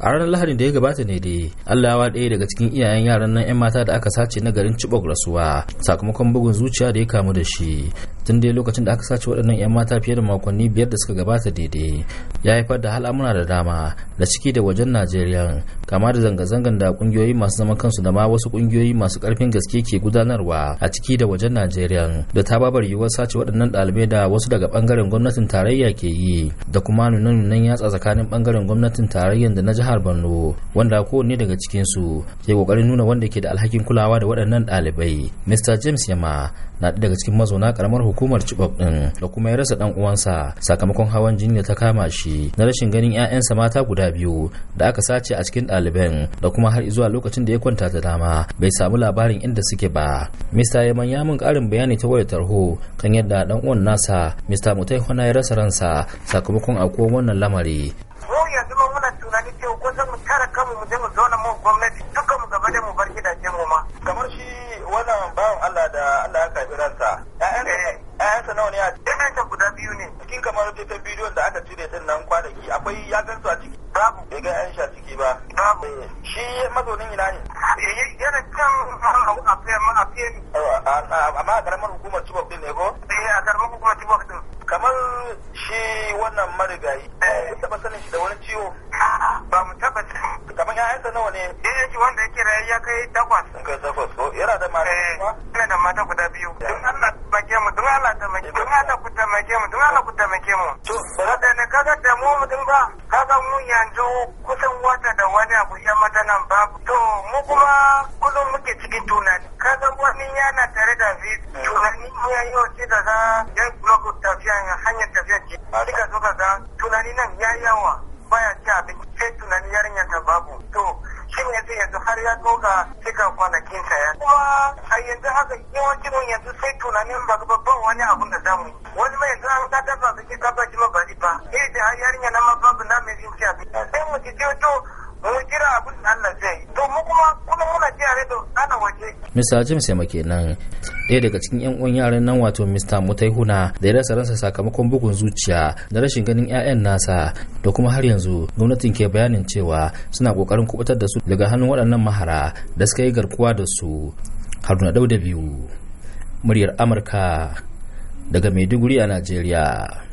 a ranar lahadin da ya gabata ne dai allah yawa ɗaya daga cikin iyayen yaran nan 'yan mata da aka sace na garin chibok rasuwa sakamakon bugun zuciya da ya kamu da shi tun dai lokacin da aka sace waɗannan 'yan mata fiye da makonni biyar da suka gabata daidai ya haifar da al'amura da dama da ciki da wajen najeriya kama da zanga-zangan da kungiyoyi masu zaman kansu da ma wasu kungiyoyi masu karfin gaske ke gudanarwa a ciki da wajen najeriya da ta babar yiwuwar sace waɗannan ɗalibai da wasu daga ɓangaren gwamnatin tarayya ke yi da kuma nunan nunan yatsa tsakanin ɓangaren gwamnatin tarayya da na jihar borno wanda kowanne daga cikinsu ke ƙoƙarin nuna wanda ke da alhakin kulawa da waɗannan ɗalibai mr james yama na daga cikin mazauna karamar hukumar Chibok din da kuma ya rasa dan uwansa sakamakon hawan jini da ta kama shi na rashin ganin 'ya'yansa mata guda biyu da aka sace a cikin ɗaliban da kuma har zuwa lokacin da ya kwanta da dama bai samu labarin inda suke ba. Mr. Yaman ya mun karin bayani ta wayar tarho kan yadda dan uwan nasa Mr. Mutai Hona ya rasa ransa sakamakon akwai wannan lamari. Mu yanzu muna tunanin cewa ko mu tara kanmu mu je mu zauna mu gwamnati duka mu gaba da mu bar gidajen mu ma. Kamar shi wannan bawan Allah da Allah cikin kamar ta bidiyon da aka cire din nan kwanaki akwai ya gansu a ciki babu bai ga yan sha ciki ba babu eh, shi mazaunin ina ne eh, yana can ah, a ma a fiye amma a karamar hukumar tubok din ne ko eh, a karamar hukumar tubok din kamar shi wannan marigayi ya taba sanin shi da wani ciwo ah, ba mu taba kamar ƴaƴansa nawa ne eh wanda ya kira ya kai takwas kai takwas ko yana da mata kuma yana da mata guda biyu taimake mu. To, ba da ne kaga da mu mutum ba, kaga mu yanzu kusan wata da wani abu ya mata nan ba. To, mu kuma kullum muke cikin tunani. Kaga wani yana tare da zai tunani mu ya yi wace da za ya yi kuma ku tafiya hanyar tafiya ce. Duka zo ka ga tunani nan ya yawa baya ci abin ya doga cika kwanakin ka ya kuma a yanzu haka yawancin yanzu sai tunanin babban wani abun da zamu wani mai yanzu an ta dafa su Mr. James kenan ɗaya daga cikin 'yan uwan yaran nan wato Mr. Mutaihuna da ya rasa ransa sakamakon bugun zuciya da rashin ganin 'ya'yan nasa da kuma har yanzu gwamnatin ke bayanin cewa suna kokarin kubutar da su daga hannun waɗannan mahara da suka yi garkuwa da su. Haruna da biyu muryar Amurka daga Maiduguri a Najeriya.